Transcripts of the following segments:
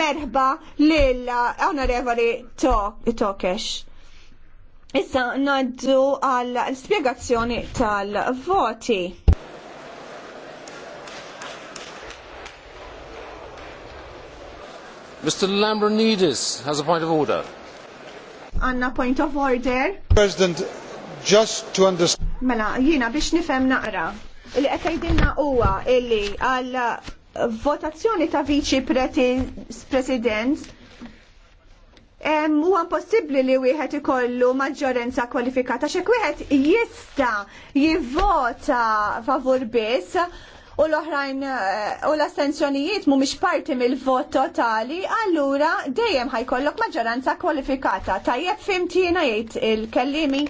merħba lil onorevoli Tokesh. Issa naddu għal spiegazzjoni tal-voti. Mr. Lambronidis has a point of order. Anna point of order. President, just to understand. Mela, jina biex nifem naqra. Il-qetajdinna huwa illi għal votazzjoni ta' viċi president huwa possibli li wieħed ikollu maġġorenza kwalifikata x'hekk wieħed jista' jivvota favur biss u l-oħrajn eh, u l-astenzjonijiet mhumiex parti mill-vot totali, allura dejjem ħajkollok maġġoranza kwalifikata. Tajjeb fimtina jgħid il-kellimi.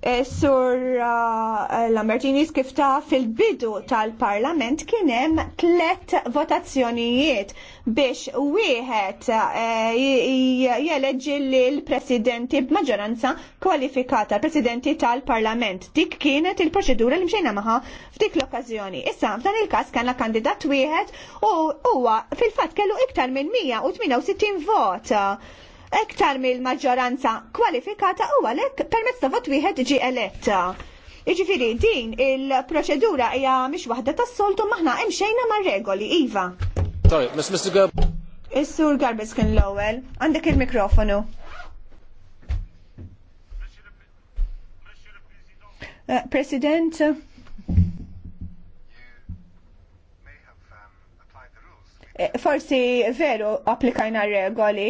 Eh, sur uh, eh, Lambertinis kif ta' fil-bidu tal-parlament kien hemm tlet votazzjonijiet biex wieħed jeleġi eh, jeleġġi l-presidenti b'maġġoranza kwalifikata, presidenti tal-parlament. Dik kienet il-proċedura li mxejna maħa f'dik l-okkażjoni. Issa, f'dan il-każ kellna kandidat wieħed u huwa fil-fatt kellu iktar minn 168 vot ektar mill-maġġoranza kwalifikata u għalek permezz ta' vot wieħed ġi eletta. Iġifiri, din il-proċedura hija mhix waħda tas-soltu maħna hemm xejna mar-regoli, Iva. Sorry, Mr. Gerb. Is-sur Garbis kien l-ewwel, għandek il-mikrofonu. Eh, President, Eh, forsi veru applikajna regoli,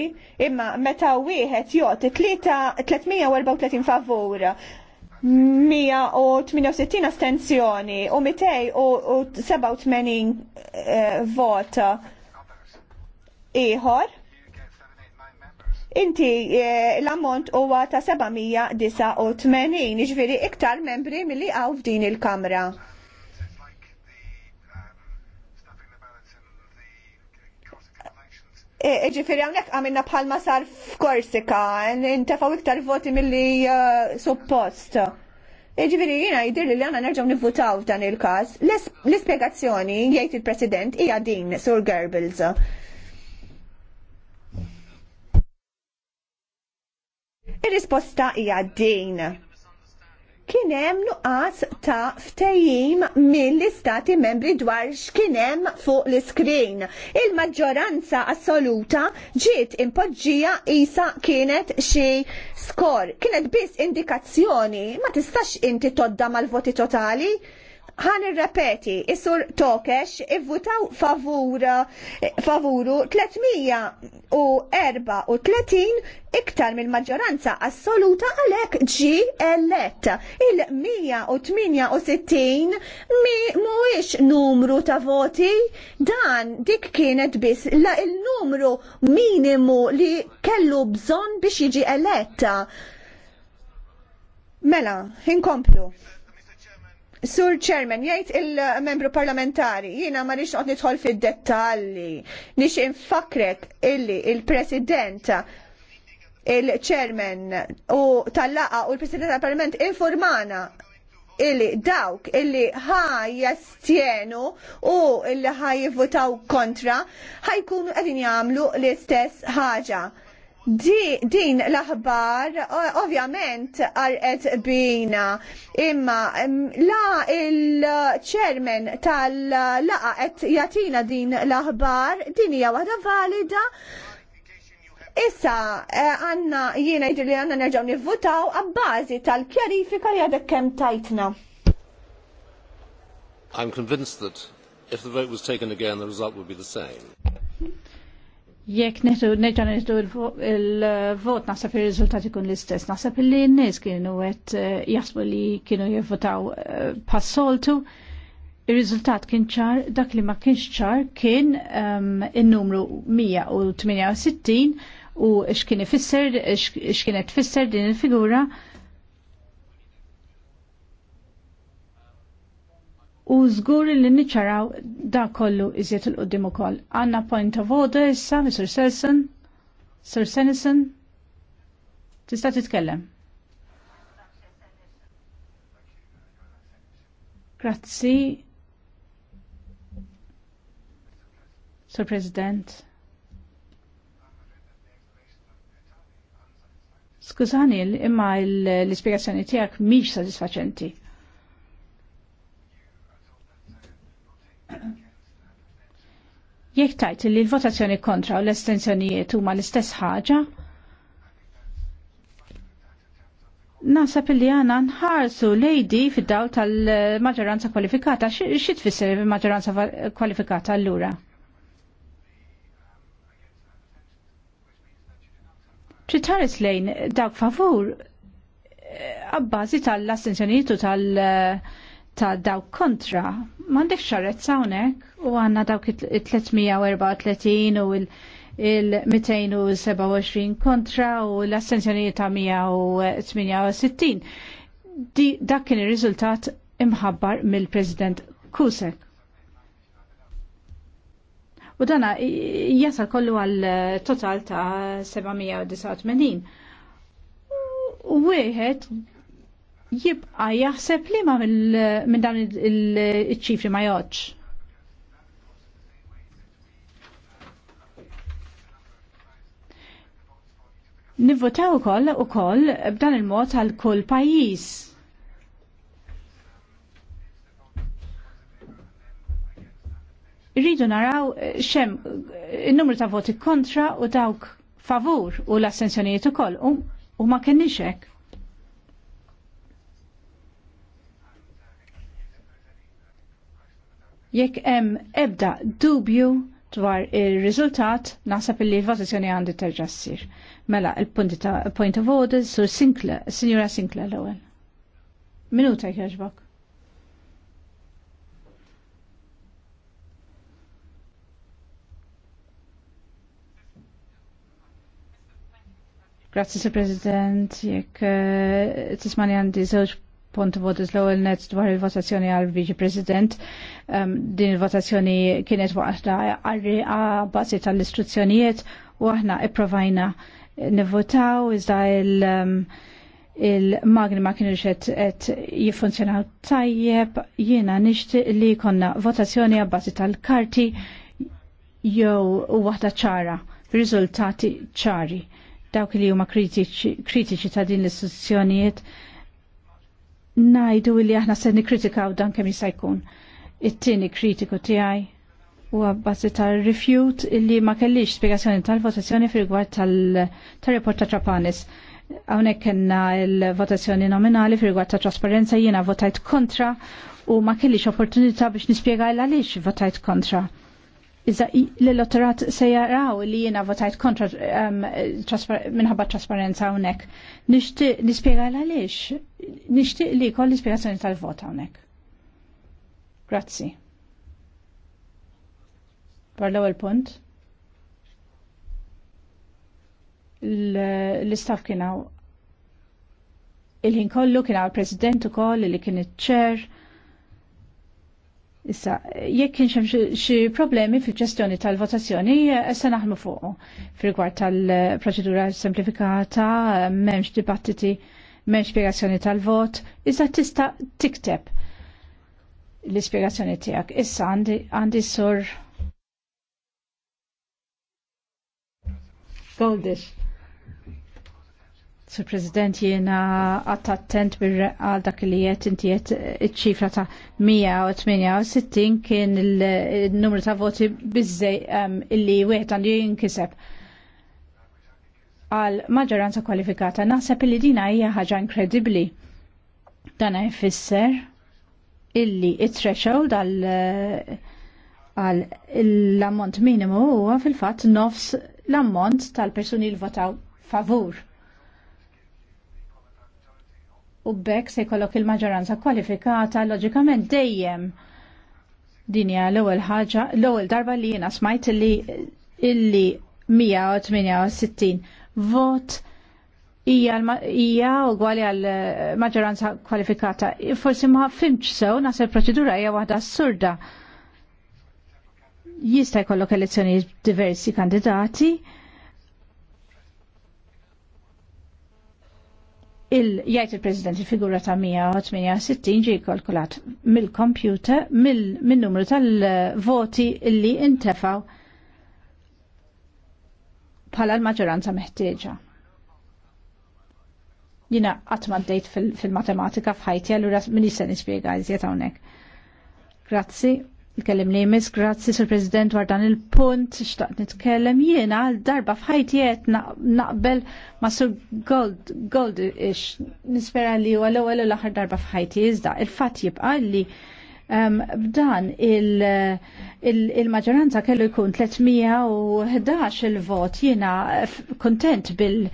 imma meta wieħed joti 334 favur 168 astenzjoni u 287 vota ieħor. Inti eh, l-ammont huwa ta' 789, ġviri iktar membri milli għaw f'din il-kamra. E, e, ġifiri għonek għamilna bħalma sar f'Korsika, n-tefaw iktar voti mill-li e, suppost. Ġifiri jina jidir li għana nerġaw nivvutaw f'dan il-kas. L-spiegazzjoni jgħid il-President hija din, Sur Gerbils. Ir-risposta hija din kien hemm nuqqas ta' ftejim mill-istati membri dwar x'kien hemm fuq l-iskrin. Il-maġġoranza assoluta ġiet impoġġija isa kienet xi skor. Kienet biss indikazzjoni ma tistax inti todda mal-voti totali ħan irrepeti, is-sur Tokesh ivvutaw favura, favuru 334 iktar mill maġġoranza assoluta għalek ġi elett. Il-168 mi muwix numru ta' voti, dan dik kienet biss la il-numru minimu li kellu bżon biex jiġi eletta. Mela, inkomplu. Sur Chairman, jgħid il-membru parlamentari, jina ma nix nidħol fid-dettalli, nix infakrek illi il-president il-chairman u tal-laqa u l-president tal-parlament informana illi dawk illi ħajjastjenu u illi jivvotaw kontra ħajkunu għedin jgħamlu l-istess ħaġa. Di, din l-aħbar ovvjament għarqet bina imma la il-ċermen tal-laqa qed jatina din l-aħbar din hija waħda valida Issa, eh, għanna jiena jidri li għanna nerġaw nivvutaw għabbażi tal-kjarifika li għadek kem tajtna. I'm convinced that if the vote was taken again, the result would be the same. Jekk neġa neġdu il-vot nasab il-rizultat ikun l-istess, nasab li n-nis kienu għet eh, jasbu li kienu jivvotaw eh, passoltu, il-rizultat kien ċar, dak li ma kienx ċar kien ehm, il-numru 168 u x'kien ifisser, x'kienet tfisser din il-figura u żgur li niċċaraw da kollu iżjed il-qoddim ukoll. Għanna point of order issa, Mr. Selson, Sir Senison, tista' titkellem. Grazzi. Sir President. Skużani, imma l-ispiegazzjoni tiegħek mhix satisfaċenti. jekk tajt li l-votazzjoni kontra u l-estensjonijiet huma l-istess ħaġa, Nasab li għana nħarsu lejdi fid-daw tal-maġġoranza kwalifikata, xie tfisser maġġoranza kwalifikata allura? Ċitaris lejn dawk favur eh, għabbażi tal-assenzjonijiet tal-dawk eh, kontra, mandek xarrezza unek? u għanna dawk 334 u il-227 kontra u l-assenzjoni ta' 168. Dak kien ir-riżultat imħabbar mill-President Kusek. U dana jasal kollu għal eh, total ta' 789. U wieħed jibqa jaħseb li ma eh, minn dan il-ċifri ma joċ. Nivvotaw ukoll ukoll b'dan il-mod għal kull pajjiż. Irridu naraw eh, xem eh, il-numru ta' voti kontra u dawk favur u l-assenzjonijiet ukoll koll u ma kenniex hekk. Jekk hemm ebda dubju dwar il-rizultat nasab il-li votazzjoni għandi terġa Mela, il-punti ta' point of order, sur Sinkla, signora Sinkla l-ewel. Minuta jħeġbok. Grazie, Sir President. Jek, eh, tismani għandi zewġ punt votis l-ewwel net dwar il-votazzjoni għal viċi President. Um, din il-votazzjoni kienet waħda għarri bażi tal-istruzzjonijiet u aħna ipprovajna nivvotaw iżda il- um, il-magni ma kienu xed et jifunzjonaw tajjeb, jiena nishti li konna votazzjoni għabbażi tal-karti jew waħda ċara, riżultati ċari. Dawk li huma kritiċi ta' din l-istituzzjonijiet najdu li aħna se u dan kemm jista' jkun. It-tieni kritiku tiegħi huwa bbażi tar-refute illi ma kellix spjegazzjoni tal-votazzjoni fil-rigward tal-report ta' Trapanis. Hawnhekk kellna l-votazzjoni nominali fil-rigward ta' trasparenza jiena votajt kontra u ma kellix opportunità biex nispjega għaliex votajt kontra Iżda l-elettorat se jaraw li jiena votajt kontra um, traspar minħabba trasparenza hawnhekk. Nixtieq nispjega għaliex. Nixtieq li jkoll l-ispjegazzjoni tal-vot hawnhekk. Grazzi. Par l-ewwel punt. L-istaff kienu il-ħin kollu il-prezident president ukoll li kien iċ-ċer Issa, jekk kien xem xi problemi fil-ġestjoni tal-votazzjoni, eh, se naħdmu fuq Fil-gwar tal-proċedura semplifikata, m'hemmx dibattiti, m'hemmx spjegazzjoni tal-vot, issa tista' tikteb l-ispjegazzjoni tiegħek. Issa għandi sur Goldish. Sir President, jiena għat attent bir għal dak li jiet inti jiet ċifra ta' 168 kien il-numru ta' voti bizzej illi wieħed għandu jinkiseb għal maġġoranza kwalifikata. Naħseb illi dina hija ħaġa inkredibbli. Dan jfisser illi it-threshold għal għal l-ammont minimu huwa fil-fatt nofs l-ammont tal-persuni l-votaw favur u bekk se jkollok il-maġġoranza kwalifikata loġikament dejjem. Dinja l-ewwel ħaġa, l-ewwel darba li jiena smajt li illi 168 vot hija ugwali għal eh, maġġoranza kwalifikata. Forsi ma fimx sew nasa proċedura hija waħda assurda. Jista' jkollok elezzjoni diversi kandidati il-jajt il-President il-figura ta' 168 ġi kalkulat mill-kompjuter mill-numru tal-voti illi intefaw bħala l-maġġoranza meħtieġa. Jina għatma d fil-matematika fħajti, għallura min jista' nispjega jizjet hawnhekk. Grazzi. Nitkellem li jmiss, grazzi sur President war dan il-punt, xtaqt nitkellem jiena għal darba fħajti qed naqbel ma' sur Gold, Gold ix, nispera li huwa l-ewwel l-aħħar darba fħajti iżda. Il-fatt jibqa' li um, b'dan il-maġġoranza kellu jkun 311 il-vot jiena kontent bil-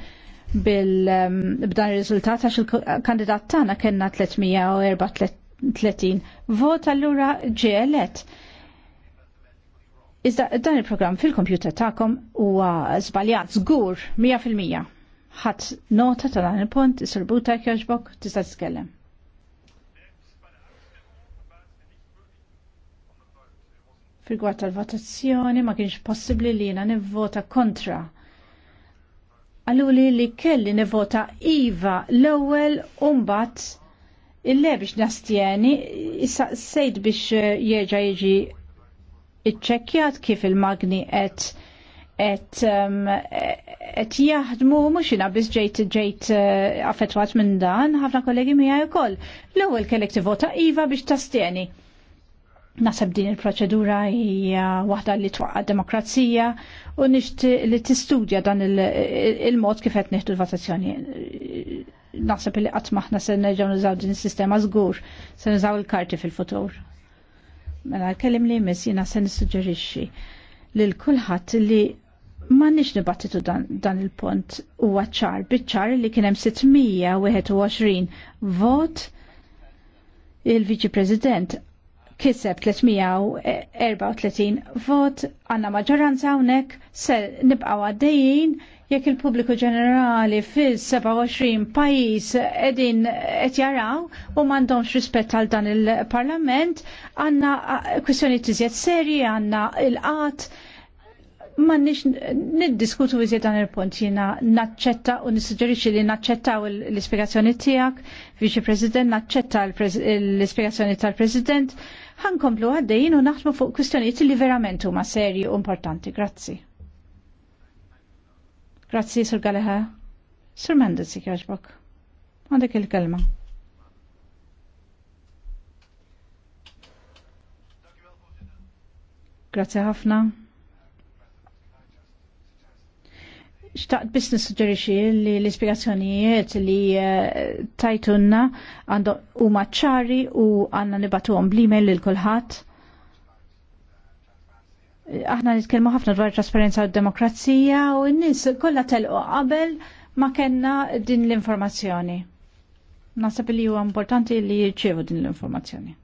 bil um, b'dan ir-riżultat għax il-kandidat tagħna kellna 304 30 vot allura ġelet. Iżda dan il program fil-kompjuter tagħkom huwa żbaljat zgur 100%. Ħadd nota ta' dan il-punt, is-sorbuta kjoġbok, tista' skellem. Fil-gwar tal-votazzjoni ma kienx possibbli li jiena nivvota kontra Għalluli li kelli nivvota Iva l-ewel umbat il-le biex nastjeni, issa sejt biex eh, jieġa jiġi iċċekjat kif il-magni et et um, et jaħdmu mux jina biz ġejt ġejt uh, eh, affetwat minn dan ħafna kollegi mija u koll l-ewel kellek vota iva biex tastjeni Nasab din il-proċedura hija waħda li twaqqa demokrazija u nixtieq li tistudja dan il-mod kif qed nieħdu l-votazzjoni. Naħseb li qatt se neġaw nizaw din is-sistema żgur, se nizaw il-karti fil-futur. Mela kellim li jmiss jiena se nissuġġerixxi lil kulħadd li ma nix nibattitu dan, dan il punt u għacċar, bitċar li kienem 621 vot il-Viċi President kiseb 334 e, vot, għanna maġġoranza unek, se nibqaw għaddejjien jekk il-pubbliku ġenerali fil-27 pajis edin et jaraw u mandomx rispett għal dan il-parlament, għanna kwestjoni tiżjed seri, għanna il-qat, ma nix niddiskutu iżjed dan il-punt jina naċċetta u nissuġġerixxi li naċċettaw l-ispjegazzjoni tiegħek, Viċi President, naċċetta l-ispjegazzjoni tal-President ħankomplu għaddejn u naħdmu fuq kwistjonijiet li verament huma serji u importanti. Grazzi. Grazzi, Sur Galeha. Sur Mendes, kħaxbok. Għandek il-kelma. Grazzi ħafna. biss nissuġġerixi li l-ispjegazzjonijiet li tajtunna għandu huma ċari u għandna għom bl-email l kulħadd. Aħna nitkellmu ħafna dwar trasparenza u demokrazija u n-nies kollha telqu qabel ma kellna din l-informazzjoni. Nasab li huwa importanti li jirċievu din l-informazzjoni.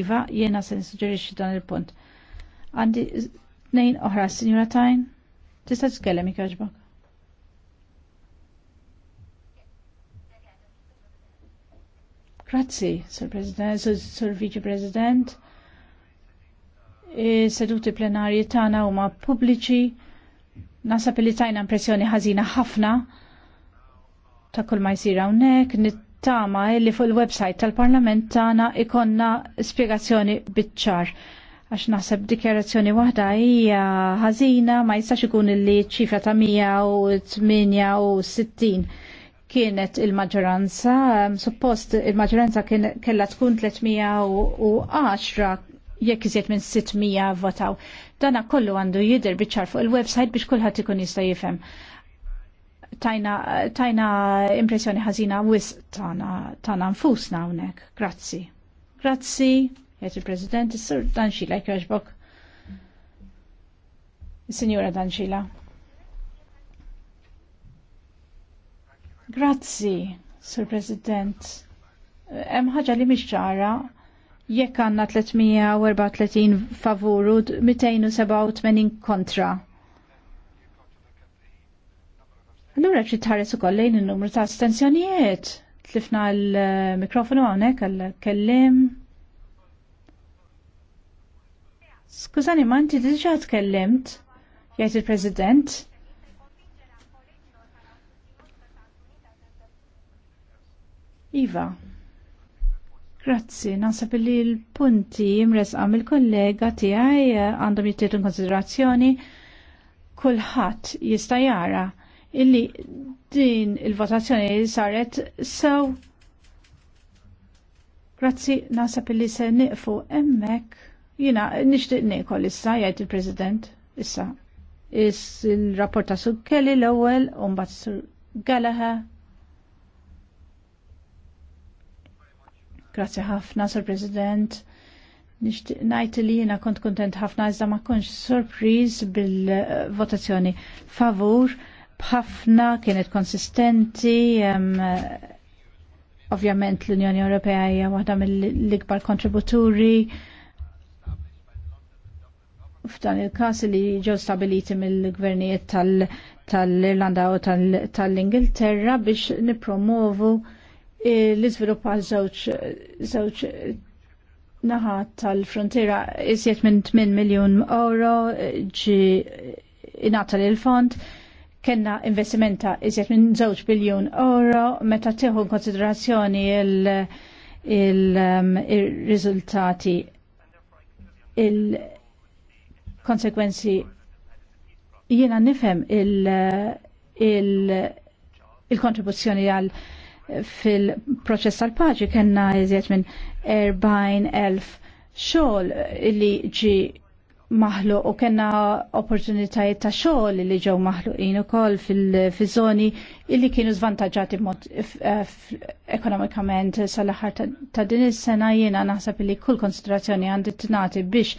Iva, jiena se nissuġġerixi dan il-punt. Għandi nejn oħra, Signora Tajn, tista' tkellem ikkaġbok. Grazzi, Sir President, Sir Vice President. seduti plenarji tagħna huma pubbliċi. Nasab li tajna impressjoni ħażina ħafna ta' kull ma jsir hawnhekk, nittama li fuq il-website tal-Parlament tagħna ikonna spjegazzjoni biċ-ċar għax naħseb dikjarazzjoni waħda hija ħażina ma jistax ikun li ċifra ta' 168 kienet il-maġġoranza, um, suppost il-maġġoranza kella tkun 310 jekk iżjed minn 600 votaw. Dana kollu għandu jider biċċar fuq il-website biex kulħadd ikun jista' jifhem. Tajna, tajna impressjoni ħażina wis tana, tana nfusna hawnhekk. Grazzi. Grazzi, jgħid il-President, is-Sur Danxila jkjoġbok. Signora Danxila. Grazzi, Sir President. Hemm ħaġa li mhix ċara jekk għandna 334 favuru 287 kontra. Allura ċi tħares ukoll lejn in-numru ta' astensjonijiet. Tlifna l-mikrofonu hawnhekk għall-kellim. Skużani, ma inti diġà tkellimt, jgħid il-President. Iva, Grazzi, nasab li l-punti għam il kollega tiegħi għandhom jittietu konsiderazzjoni kulħadd jista' jara illi din il-votazzjoni li saret sew. Grazzi, nasab li se niqfu hemmhekk. Jiena nixtieq nikol issa jgħid il-President issa. Is il-rapport su Kelly l-ewwel u mbagħad Sur Galaha Grazie ħafna, Sir President. najt li jina kont kontent ħafna iżda ma konx surpriz bil-votazzjoni favur bħafna kienet konsistenti um, ovvjament l-Unjoni Ewropea hija waħda mill-ikbar kontributuri f'dan il-każ li ġew stabiliti mill-gvernijiet tal-Irlanda tal u tal-Ingilterra tal biex nipromovu Eh, l-izvilupp għal żewġ naħa tal-frontiera iżjed minn 8 miljon euro eh, ġi inata l fond kena investimenta iżjed minn 2 biljon euro meta tieħu konsiderazzjoni il-riżultati um, il-konsekwenzi jiena nifhem il-kontribuzzjoni għal il fil-proċess tal-paċi kena iżjed minn 40.000 xogħol illi ġi maħluq u kena opportunitajiet ta' xogħol li ġew maħluqin ukoll fil zoni illi kienu żvantaġġati mod ekonomikament sal-aħħar ta' din is-sena jiena naħseb li kull konsiderazzjoni għandi tingħati biex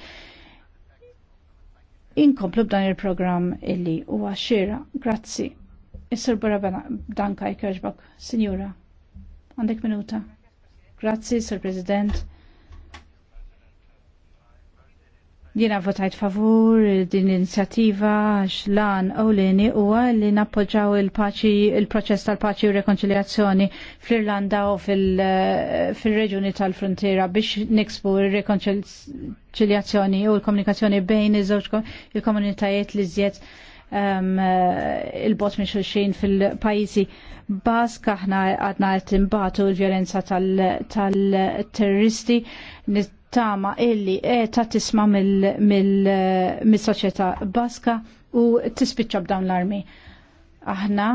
inkomplu b'dan il-programm illi huwa għaxira. Grazzi. Is-Sur Bora Danka jkerġbok, Sinjura. Għandek minuta. Grazzi, Sir President. Jena votajt favur din inizjattiva għax lan ewlieni huwa li nappoġġaw il il-proċess tal-paċi u rekonċiljazzjoni fl-Irlanda u fil-reġuni tal-frontiera biex niksbu il-rekonċiljazzjoni u l-komunikazzjoni bejn iż-żewġ il-komunitajiet li żjed Um, eh, il-bot minn xulxin fil-pajizi Bask aħna għadna għal imbatu l-violenza tal-terroristi nittama illi ta' tisma mill-soċieta Baska u tispiċċa b'dawn l-armi. Aħna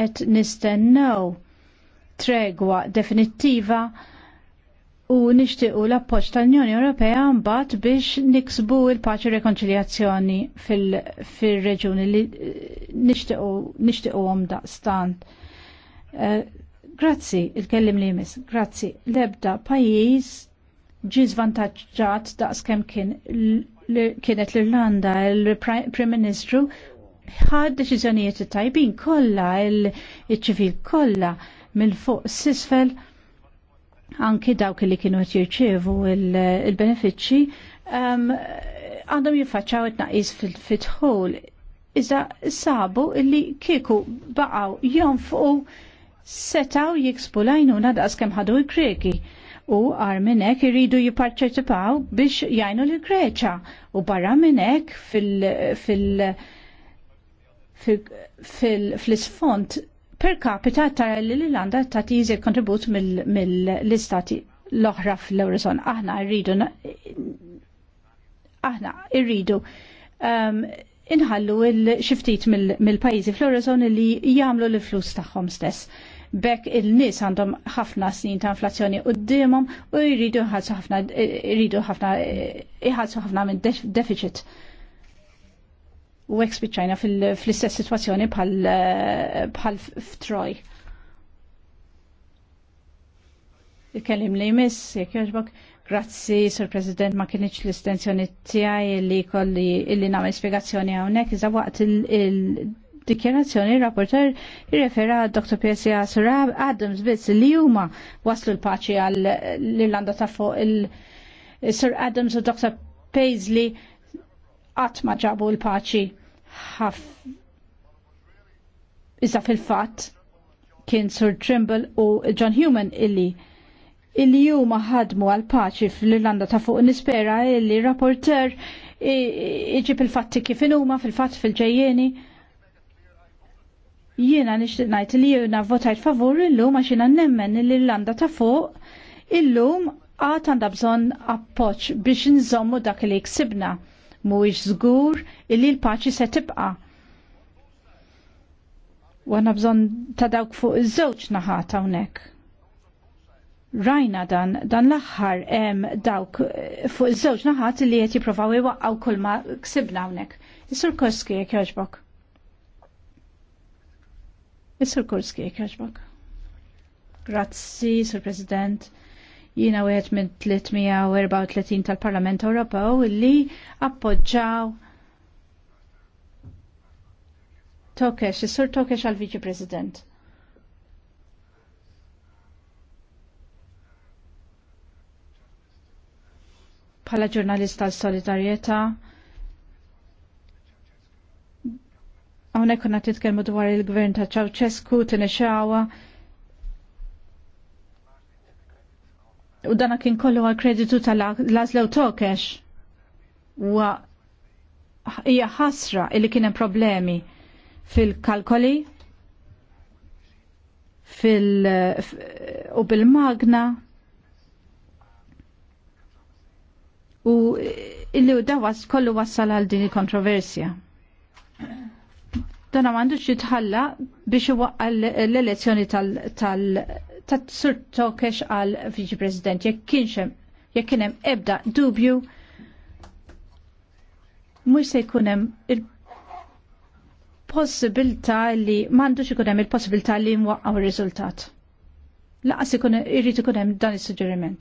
qed nistennew tregwa definittiva u nixtiequ l-appoġġ tal-Unjoni Ewropea mbagħad biex niksbu l-paċi rekonċiljazzjoni fil-reġuni li eh, nixtiequhom daqstant. Eh, grazzi, il-kellim li jmiss, grazzi, l-ebda pajjiż ġi zvantaġġat daqskemm kien kienet l-Irlanda, il-Prim Ministru ħad deċiżjonijiet tajbin kollha, il-ċivil kollha mill fuq s sisfel anki dawk li kienu jirċievu il-benefiċċji um, għandhom jiffaċċaw it-naqis fil-fitħol. Iżda sabu illi kieku baqaw fuq setaw jiksbu lajnuna daqs kem ħadu il kreki u għar minnek irridu jipparċetipaw biex jajnu l-Greċa u barra minnek fil- fil- fil fil, fil, fil, fil per capita tara li l-Irlanda ta' tiżi kontribut mill-istati l-oħra fl-Eurozon. Aħna rridu aħna rridu um, inħallu il-xiftit mill-pajizi fl-Eurozon li jagħmlu l-flus tagħhom stess. Bekk il-nis għandhom ħafna snin ta' inflazzjoni qudiemhom u jridu ħafna jridu ħafna ħafna minn deficit u hekk spiċċajna fl-istess sitwazzjoni bħal eh, f'Troj. Ikellim li jmiss, jekk jogħġbok, grazzi, Sur President, ma kienieċ l-istenzjoni tiegħi li kolli illi nagħmel spiegazzjoni hawnhekk iżda waqt il-dikjerazzjoni il-rapporter jirrefera Dr. PSA sir Adams biss li huma waslu l-paċi għall irlanda ta' fuq il-Sir Adams u Dr. Paisley qatt ma ġabu l-paċi ħaf. Iżda fil-fatt kien Sir Trimble u John Human illi illi juma ħadmu għal paċi fl-Irlanda ta' fuq nispera illi rapporter iġib il-fatti kif inuma fil-fatt fil-ġejjeni. Jiena nixtieq ngħid li jiena votajt favur illum għax jiena nemmen l-Irlanda ta' fuq illum għad għandha bżonn appoġġ biex nżommu dak li ksibna mhuwiex żgur illi l-paċi se tibqa' u għanna bżon ta' dawk fuq iż-żewġ naħat hawnhekk. Rajna dan, dan l-aħħar hemm dawk eh, fuq iż-żewġ naħat li qed jippruvaw iwaqgħu kull ma ksibna hawnhekk. Is-Sur Kurski jekk jogħġbok. Is-Sur Kurski jekk jogħġbok. Grazzi, Sur President. Jiena wieħed minn 334 tal-Parlament Ewropew li appoġġaw Tokes, is-Sur għal Viċi President. Bħala ġurnalista l solidarjetà Hawnhekk konna titkellmu dwar il-gvern ta' t-nexawa, u dana kien kollu għal kreditu tal-Lazlow Tokesh. U hija ħasra illi kien hemm problemi fil-kalkoli, fil- u bil-magna u illi u dawas kollu wassal għal din il-kontroversja. Dana m'għandux jitħalla biex iwaqqa l-elezzjoni tal-, tal ta' Sur Tokesh għal Viċi President jekk kienxem jekk kien hemm ebda dubju mhux se jkun hemm il-possibilità li m'għandux ikun hemm il-possibilità li nwaqqgħu ir-riżultat. Laqas ikun irrid ikun hemm dan is-suġġeriment.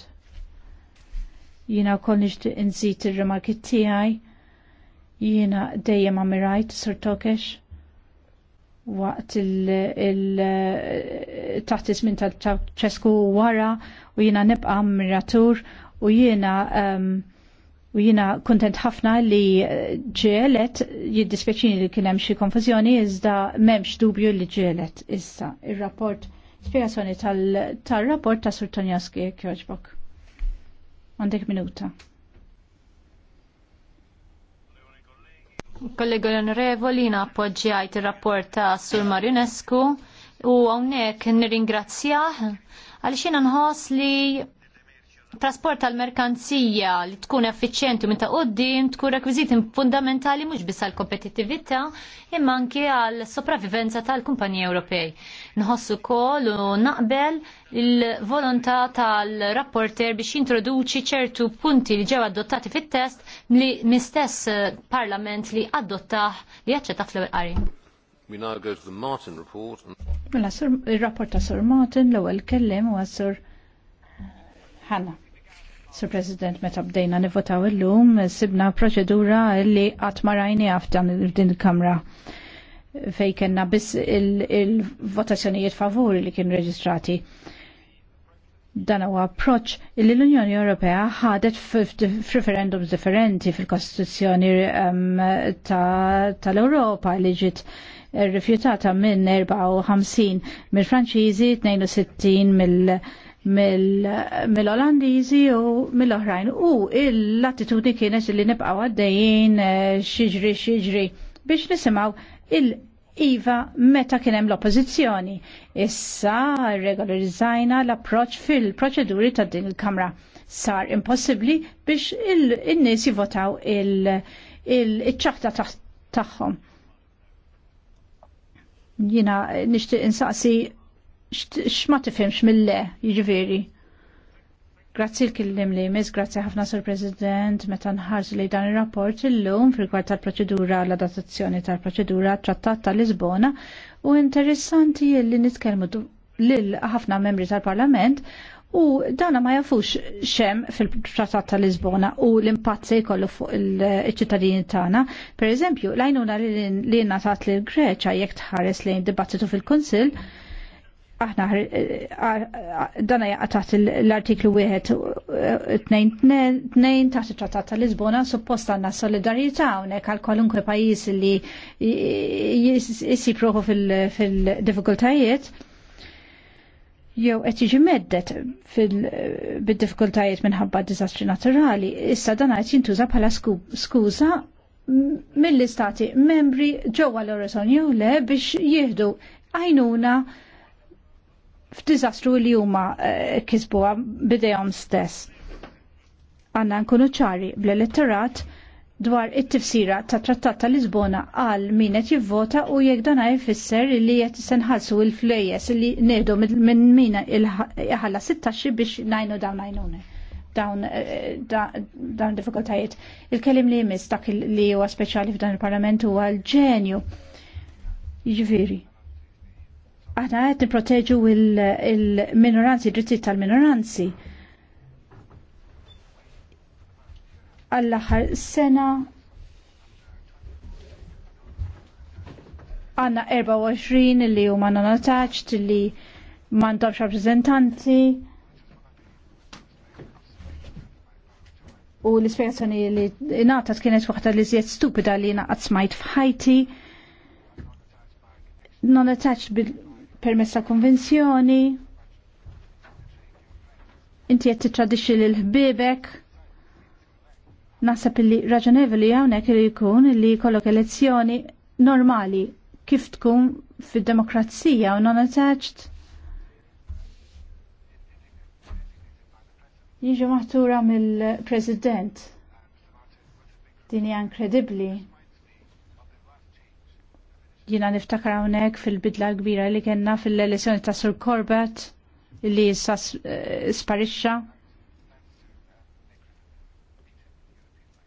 Jiena wkoll nixtieq inżid ir remarki tiegħi jiena dejjem għamirajt, Sur kex, waqt il-taħt ismin ta' ċesku wara u jina nibqa miratur u jina ehm, u jina kontent ħafna li ġelet jiddispeċini li kienem xie konfuzjoni iżda memx dubju li ġelet issa il-rapport spiegazzjoni tal-rapport ta' Sur Tanjaski Kjoġbok. Għandek minuta. kollega l-onorevoli appoġġjajt il-rapport ta' Sur Marionescu u għonek nirringrazzjah għal xina nħos li trasport tal-merkanzija li tkun effiċjenti minn ta' qoddim tkun rekwiżiti fundamentali mhux biss għal kompetittività imma anke għal sopravivenza tal-kumpaniji Ewropej. Nħossu wkoll u naqbel il-volontà tal-rapporter biex jintroduċi ċertu punti li ġew adottati fit-test li mistess parlament li adottaħ li jaċċetta fl-ewwel qari. We now go to the Martin report. Mela, il-rapport ta' Sir Martin l-ewwel kellem u għas-Sir Hanna. Sir President, meta bdejna nivotaw illum, sibna proċedura li qatt ma rajni din il-Kamra fej kena biss il-votazzjonijiet favuri li kien reġistrati. Dan huwa approċ li l-Unjoni Ewropea ħadet f'referendums differenti fil-Kostituzzjoni ehm, tal-Ewropa li ġiet rifjutata minn 54 mill-Franċiżi, 62 mill- mill-Olandiżi u mill-oħrajn. U l-attitudni kienet li nibqgħu għaddejjin eh, xiġri xiġri biex nisimgħu il- Iva, meta kien hemm l-oppożizzjoni, issa regolarizzajna l-approċ fil-proċeduri ta' din il-Kamra. Sar impossibbli biex in-nies jivotaw il-ċaħta tagħhom. Jina nixtieq insaqsi x'ma tifhimx mill-le, jiġifieri. Grazzi l-kellim li jmiss, grazzi ħafna sur President, meta nħarsu li dan ir-rapport illum fil-kwart tal-proċedura l-adattazzjoni tal-proċedura trattat tal-Lisbona u interessanti li nitkellmu lil ħafna membri tal-Parlament u dana ma jafux xem fil-trattat tal-Lisbona u l-impatt se jkollu fuq il-ċittadini tagħna. Per eżempju, lajnuna li natat li l-Greċa jekk tħares lejn dibattitu fil-Kunsill aħna eh, eh, dana jaqa taħt l-artiklu 1-2 eh, taħt il-trattat ta' Lisbona suppost għanna solidarjetà hawnhekk għal kwalunkwe pajis li jissi proħu fil diffikultajiet jew qed jiġi meddet bid diffikultajiet minħabba diżastri naturali. Issa dan qed jintuża bħala skuża mill-istati membri ġewwa l-Eurozone le biex jieħdu għajnuna f'diżastru li huma eh, kisbuha bidejhom stess. Għanna nkunu ċari bl-elettorat dwar it-tifsira ta' trattat ta' Lisbona għal min qed jivvota u jekk dan jfisser li qed senħalsu il flejjes li nieħdu minn min iħalla 16 biex ngħinu dawn għajnuna dawn eh, dawn diffikultajiet. Il-kelim li jmiss dak li huwa speċjali f'dan il-Parlament huwa l-ġenju. Jiġifieri aħna qed nipproteġu il-minoranzi, drittijiet tal-minoranzi. Għall-aħħar sena għanna 24 li huma non-attached li m'għandhomx rappreżentanti. U l-ispjegazzjoni li ingħatat kienet waħda li żjed stupida li naqgħad smajt f'ħajti. Non-attached permessa ta' konvenzjoni, inti qed titradixxi lil ħbiebek. Naħseb illi raġonevoli hawnhekk li jkun li jkollok elezzjoni normali kif tkun fid-demokrazija u non attached. Jiġu maħtura mill-President. Din hija inkredibbli. Jina niftakar hawnhekk fil-bidla kbira li kellna fil-elezzjoni ta' Sur Corbett li jissa eh, sparixxa.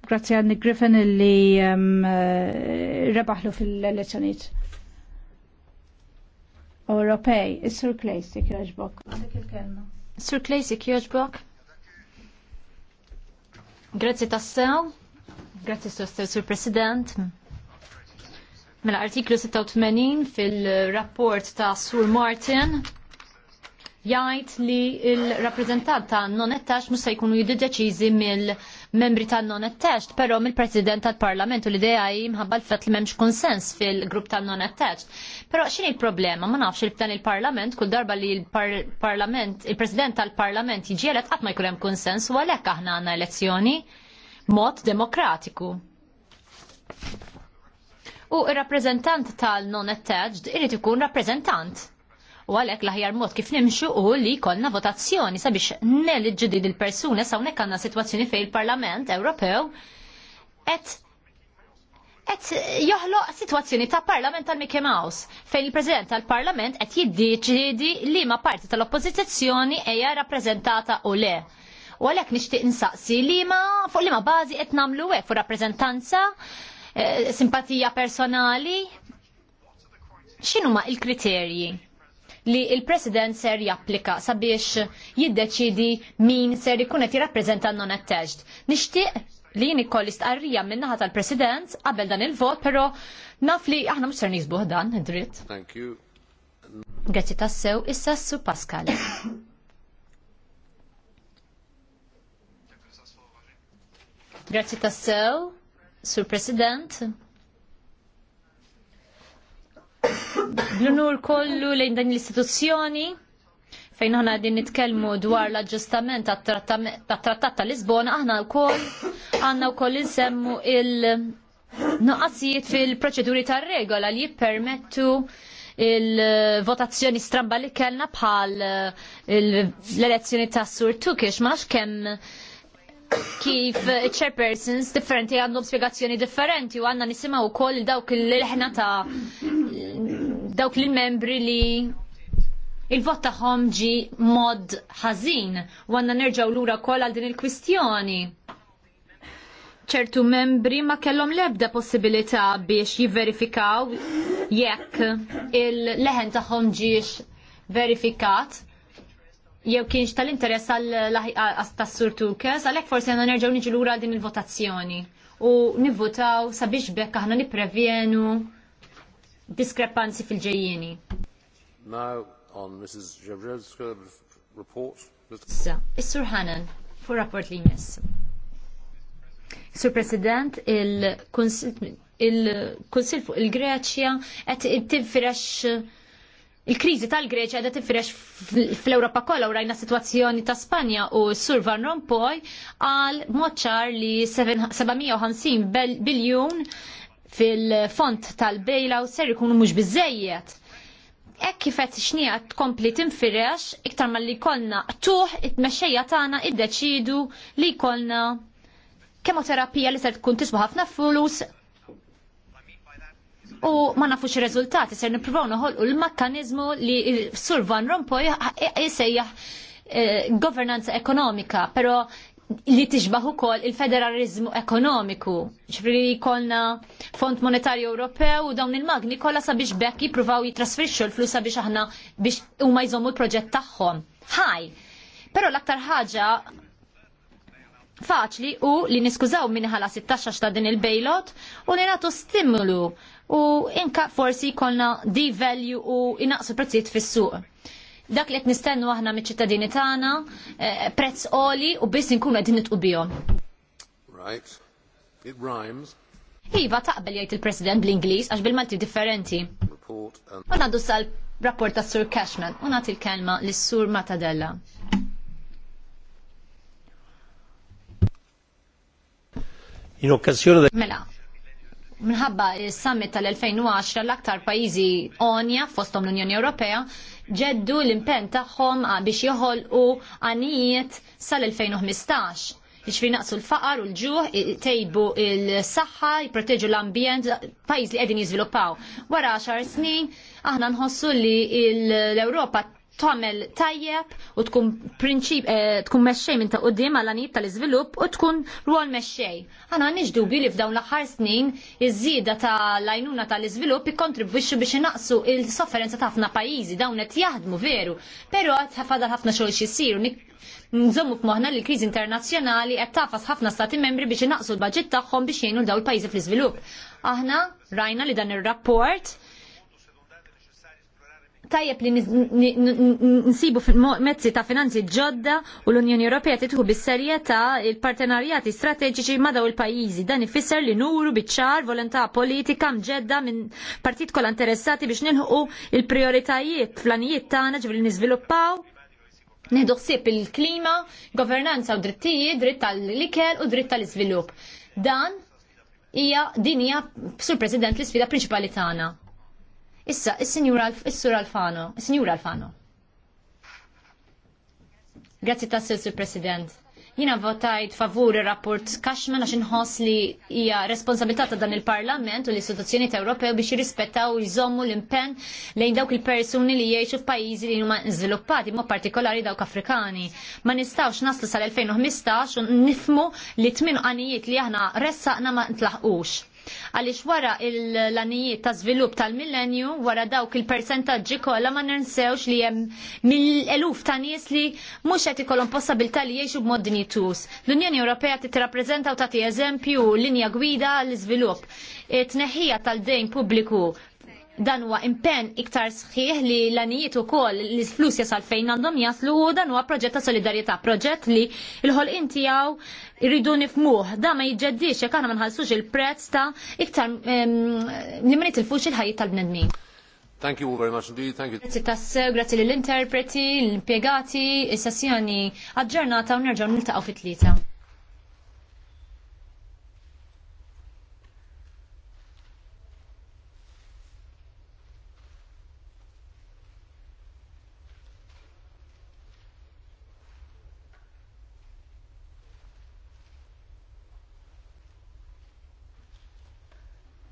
Grazzi għadni Griffin li um, rebaħlu fil-elezzjoniet. Ewropej, Sir sur sik joġbok. Sir Clay, sik joġbok. Grazie jogħġbok? Grazzi tassew. Grazzi Sur President. Mela artiklu 86 fil-rapport ta' Sur Martin jgħid li il-rappreżentant ta' non-ettax musa jkunu jiddeċiżi mill-membri ta' non-ettax, però mill-President tal-Parlament u l-idea jimħabba l fat li m'hemmx konsens fil-grupp ta' non-ettax. Però x'inhi il-problema? Ma nafx il-ftan il-Parlament kull darba li il-Parlament, il-President tal-Parlament jiġi għatma qatt ma jkun hemm konsens u għalhekk aħna għandna elezzjoni mod demokratiku u ir-rappreżentant tal-non-attached irid ikun rappreżentant u għalek laħjar mod kif nimxu u li konna votazzjoni sabiex nel ġdid il-persuna sawnek għanna situazzjoni fej il-Parlament Ewropew et et joħloq situazzjoni ta' Parlament tal Mickey Mouse fejn il-President tal-Parlament et jiddiċidi li ma parti tal-oppozizjoni eja rappresentata u le. U għalek nishtiq insaqsi li ma fuq li ma bazi et namlu għek fuq rappresentanza Eh, simpatija personali? X'inhuma il-kriterji li il-President ser japplika sabiex jiddeċidi min ser ikunet qed jirrappreżenta non attached. Nixtieq li jien kollist stqarrija min-naħa tal-President qabel dan il-vot, però naf li aħna mhux ser nizbuħ dan dritt Thank you. Grazzi tassew, issa su Pascal. Grazzi tassew. Sur President, l-unur kollu lejn dan l-istituzzjoni fejn aħna din nitkellmu dwar l-aġġustament tat-trattat ta' Lisbona, aħna wkoll għandna wkoll insemmu il-noqqasijiet fil-proċeduri tar-regola li jippermettu il-votazzjoni stramba li kellna bħal eh, l-elezzjoni ta' Sur Tukish, ma' kemm kif chairpersons differenti għandhom spiegazzjoni differenti u għanna nisimaw koll dawk l-ħna ta' dawk l-membri li il-vot tagħhom ġi mod ħażin u għandna l lura wkoll għal din il-kwistjoni. ċertu membri ma kellhom l-ebda possibilità biex jivverifikaw jekk il-leħen tagħhom ġiex verifikat jew kienx tal-interess għal-tassur Turkes, għalhekk forsi għandna nerġgħu niġu lura din il-votazzjoni u nivvotaw sabiex bekk aħna niprevjenu diskrepanzi fil ġejjini Now on Mrs. Javrovska report. Sa, Is-Sur Hanan, fu rapport li jmiss. Sur President, il konsil fuq il-Greċja qed tifrex il-kriżi tal-Greċja qiegħda tifrex fl-Ewropa kollha u rajna situazzjoni ta' Spanja u Sur Van Rompuy għal moċċar li 750 biljun fil-font tal u ser ikunu mhux biżejjed. Ek kifet xnija tkompli tinfirex iktar ma li kolna tuħ it-mexxejja tagħna iddeċidu li kolna kemoterapija li ser tkun tiswa ħafna flus u ma nafux il-rezultati, ser nippruvaw noħolqu l-mekkaniżmu li Sur Van Rompuy jisejjaħ e- e- e, governanza ekonomika, però li tiġbaħu ukoll il-federalizmu ekonomiku. Ġifri kolna Fond Monetarju Ewropew u dawn il-magni kollha sabiex bekk jippruvaw jitrasferixxu l-flus sabiex aħna biex huma jżommu l-proġett tagħhom. Ħaj, Pero l-aktar ħaġa faċli u li niskużaw minn ħala 16 ta' din il-bejlot u li nagħtu stimulu u inka forsi jkollna devalue u inaqsu prezzijiet fis-suq. Dak li qed nistennu aħna miċ-ċittadini tagħna eh, prezz għoli u biss inkunu qegħdin nitqu bihom. Right. It rhymes. Iva taqbel jgħid il-President bl-Ingliż għax bil-Malti differenti. U ngħaddu sal rapport tas Sur Cashman u nagħti l-kelma lis-Sur Matadella. in occasione del... Mela, minħabba il-summit tal-2010 l-aktar pajizi onja fostom l-Unjoni Ewropea ġeddu l-impen tagħhom biex joħolqu għanijiet sal-2015 biex jiġifieri naqsu l-faqar u l-ġuħ, tejbu l-saħħa, jproteġu l-ambjent, pajiz li qegħdin jiżviluppaw. Wara 10 snin, aħna nħossu li l-Ewropa tamel tajjeb u tkun prinċip eh, tkun mexxej minn ta' qudiem għal anijiet tal-iżvilupp u tkun rwol mexxej. Aħna għandix dubi li f'dawn l-aħħar snin iż-żieda tal-għajnuna tal-iżvilupp ikkontribwixxu biex inaqsu il-sofferenza ta' ħafna pajjiżi dawn qed jaħdmu veru, però qed fadal ħafna xogħol xi jsiru. Nżommu f'moħħna li l-kriżi internazzjonali qed tafas ħafna stati membri biex inaqsu l-baġġett tagħhom biex jgħinu dawn il-pajjiżi fl-iżvilupp. Aħna rajna li dan ir-rapport tajjeb li nsibu mezzi ta' finanzi ġodda u l-Unjoni Ewropea titħu bis-serjetà il-partenarjati strateġiċi ma' daw il-pajjiżi. Dan ifisser li nuru biċ-ċar volontà politika mġedda minn partit kollha interessati biex nilħu il-prioritajiet flanijiet tagħna ġifieri niżviluppaw Nieħdu ħsieb il-klima, governanza u drittijiet, dritt tal-ikel u dritt tal-iżvilupp. Dan hija din hija sur President l-isfida prinċipali tagħna Issa, il sur Alfano, il-Sinjur Alfano. Grazzi ta' Sir President. Jina votajt favur il-rapport Cashman għax inħoss li hija responsabilità ta' dan il-Parlament u l-istituzzjoni Ewropew biex jirrispettaw jżommu l-impenn lejn dawk il-persuni li jgħixu f'pajjiżi li huma żviluppati mod partikolari dawk Afrikani. Ma nistgħux naslu sal-2015 u nifmu li tmien qanijiet li aħna ressaqna ma ntlaħqux Għaliex wara l-anijiet ta' żvilupp tal-millenju, wara dawk il-persentaġġi kollha ma ninsewx li hemm mill-eluf ta' nies li mhux qed ikollhom possibilità li jgħixu b'mod dinjitus. L-Unjoni Ewropea titrappreżenta u tagħti eżempju linja gwida għall iżvilupp it neħija tal-dejn pubbliku dan huwa impenn iktar sħiħ li l-anijiet ukoll li flus jasal fejn għandhom jaslu u dan huwa proġett ta' solidarjetà, proġett li l-ħol intijaw irridu nifmuh. Da ma jiġġeddix jekk aħna ma nħallsux il-prezz ta' iktar li ma nitilfux il-ħajjiet tal-bnedmin. Thank you very much indeed. Thank you. Grazie tassew, grazie lill-interpreti, l-impiegati, il sessjoni aġġornata u nerġgħu niltaqgħu fit-tlieta.